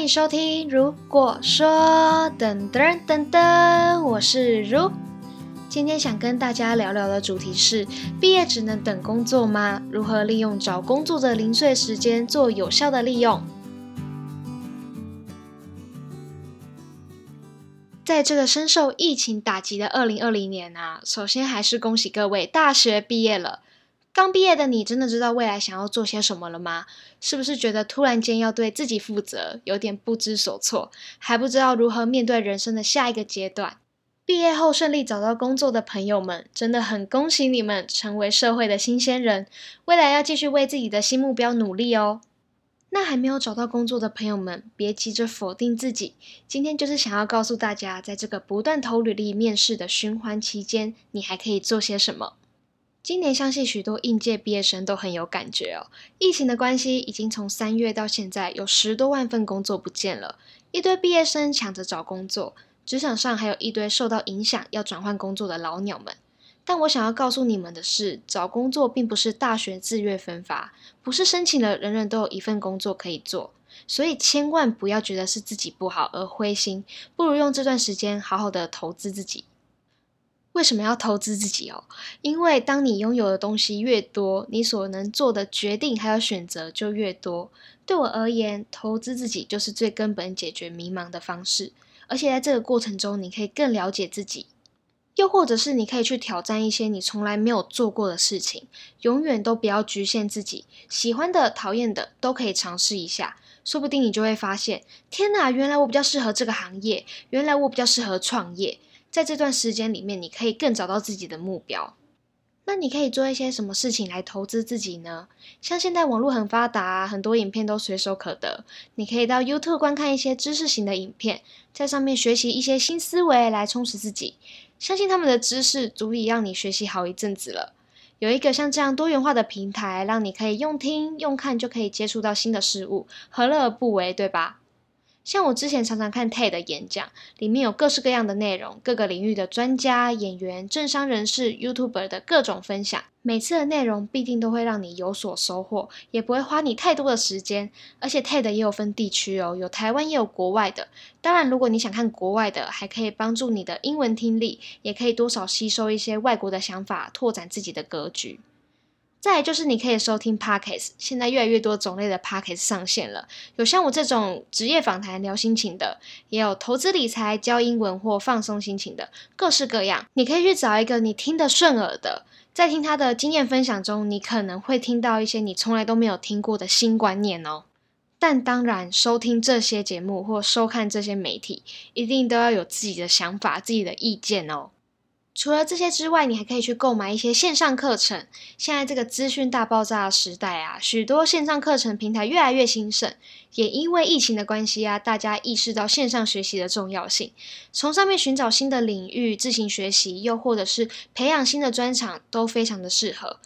歡迎收聽，汝果說噔噔噔噔，我是汝。今天想跟大家聊聊的主題是：畢業只能等工作嗎？如何利用找工作的零碎時間做有效的利用？在這個深受疫情打擊的二零二零年啊，首先還是恭喜各位大學畢業了。剛畢業的你，真的知道未來想要做些什麼了嗎？是不是覺得突然間要對自己負責，有點不知所措，還不知道如何面對人生的下一個階段？畢業後順利找到工作的朋友們，真的很恭喜你們，成為社會的新鮮人，未來要繼續為自己的新目標努力哦。那還沒有找到工作的朋友們，別急着否定自己。今天就是想要告訴大家，在這個不斷投履歷、面試的循環期間，你還可以做些什麼。今年相信許多應屆畢業生都很有感覺哦。疫情的關係，已經從三月到現在，有十多萬份工作不見了，一堆畢業生搶着找工作，職場上還有一堆受到影響要轉換工作的老鳥們。但我想要告訴你們的是，找工作並不是大學志願分發，不是申請了人人都有一份工作可以做，所以千萬不要覺得是自己不好而灰心，不如用這段時間好好的投資自己。為什麼要投資自己哦？因為當你擁有的東西越多，你所能做的決定還有選擇就越多。對我而言，投資自己就是最根本解決迷茫的方式。而且在這個過程中，你可以更了解自己，又或者是你可以去挑戰一些你從來沒有做過的事情。永遠都不要局限自己，喜歡的、討厭的都可以嘗試一下，說不定你就會發現，天吶，原來我比較適合這個行業，原來我比較適合創業。在這段時間裡面，你可以更找到自己的目標。那你可以做一些什麼事情來投資自己呢？像現在網絡很發達，很多影片都隨手可得，你可以到 YouTube 觀看一些知識型的影片，在上面學習一些新思維來充實自己。相信他們的知識足以讓你學習好一陣子了。有一個像這樣多元化的平台，讓你可以用聽、用看就可以接觸到新的事物，何樂而不為，對吧？像我之前常常看 TED 演講，裡面有各式各樣的內容，各個領域的專家、演員、政商人士、YouTuber 的各種分享。每次的內容必定都會讓你有所收穫，也不會花你太多的時間。而且 TED 也有分地區哦，有台灣也有國外的。當然，如果你想看國外的，還可以幫助你的英文聽力，也可以多少吸收一些外國的想法，拓展自己的格局。再來就是你可以收聽 Podcast，現在越來越多種類的 Podcast 上線了，有像我這種職業訪談聊心情的，也有投資理財，教英文或放鬆心情的，各式各樣。你可以去找一個你聽得順耳的，在聽他的經驗分享中，你可能會聽到一些你從來都沒有聽過的新觀念哦。但當然，收聽這些節目或收看這些媒體，一定都要有自己的想法、自己的意見哦。除了這些之外，你還可以去購買一些線上課程。現在這個資訊大爆炸的時代啊，許多線上課程平台越來越興盛，也因為疫情的關係啊，大家意識到線上學習的重要性，從上面尋找新的領域自行學習，又或者是培養新的專長，都非常的適合。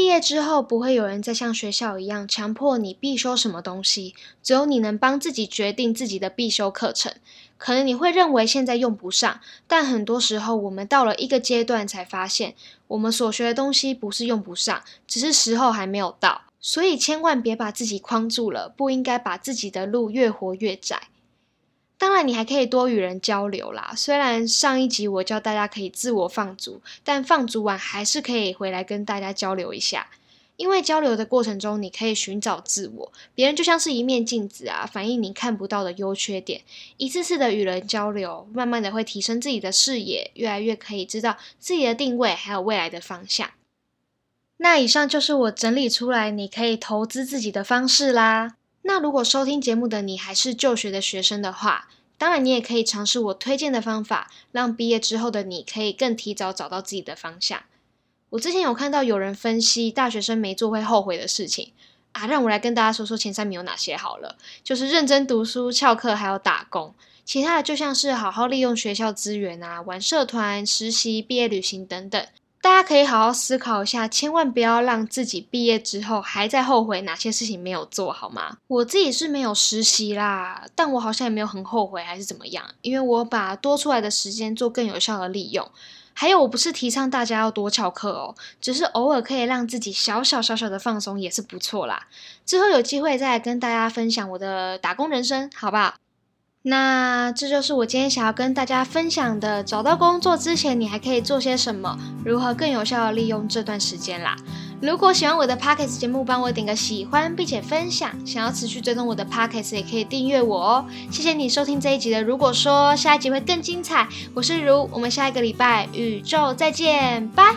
畢業之後，不會有人再像學校一樣強迫你必修什麼東西，只有你能幫自己決定自己的必修課程。可能你會認為現在用不上，但很多時候我們到了一個階段才發現，我們所學的東西不是用不上，只是時候還沒有到。所以千萬別把自己框住了，不應該把自己的路越活越窄。當然，你還可以多與人交流啦。雖然上一集我教大家可以自我放逐，但放逐完還是可以回來跟大家交流一下。因為交流的過程中，你可以尋找自我，別人就像是一面鏡子啊，反映你看不到的優缺點。一次次的與人交流，慢慢的會提升自己的視野，越來越可以知道自己的定位，還有未來的方向。那以上就是我整理出來你可以投資自己的方式啦。那如果收聽節目的你還是就學的學生的話，當然你也可以嘗試我推薦的方法，讓畢業之後的你可以更提早找到自己的方向。我之前有看到有人分析大學生沒做會後悔的事情啊，讓我來跟大家說說前三名有哪些好了，就是認真讀書、翹課還有打工，其他的就像是好好利用學校資源啊、玩社團、實習、畢業旅行等等。大家可以好好思考一下，千萬不要讓自己畢業之後還在後悔哪些事情沒有做好嗎？我自己是沒有實習啦，但我好像也沒有很後悔，還是怎麼樣？因為我把多出來的時間做更有效的利用。還有，我不是提倡大家要多翹課哦，只是偶爾可以讓自己小小小小的放鬆也是不錯啦。之後有機會再來跟大家分享我的打工人生，好不好？那這就是我今天想要跟大家分享的：找到工作之前，你還可以做些什麼？如何更有效的利用這段時間啦？如果喜歡我的 podcast 節目，幫我點個喜歡，並且分享。想要持續追蹤我的 podcast 也可以訂閱我哦。謝謝你收聽這一集的。汝果說下一集會更精彩，我是汝，我們下一個禮拜宇宙再見，拜。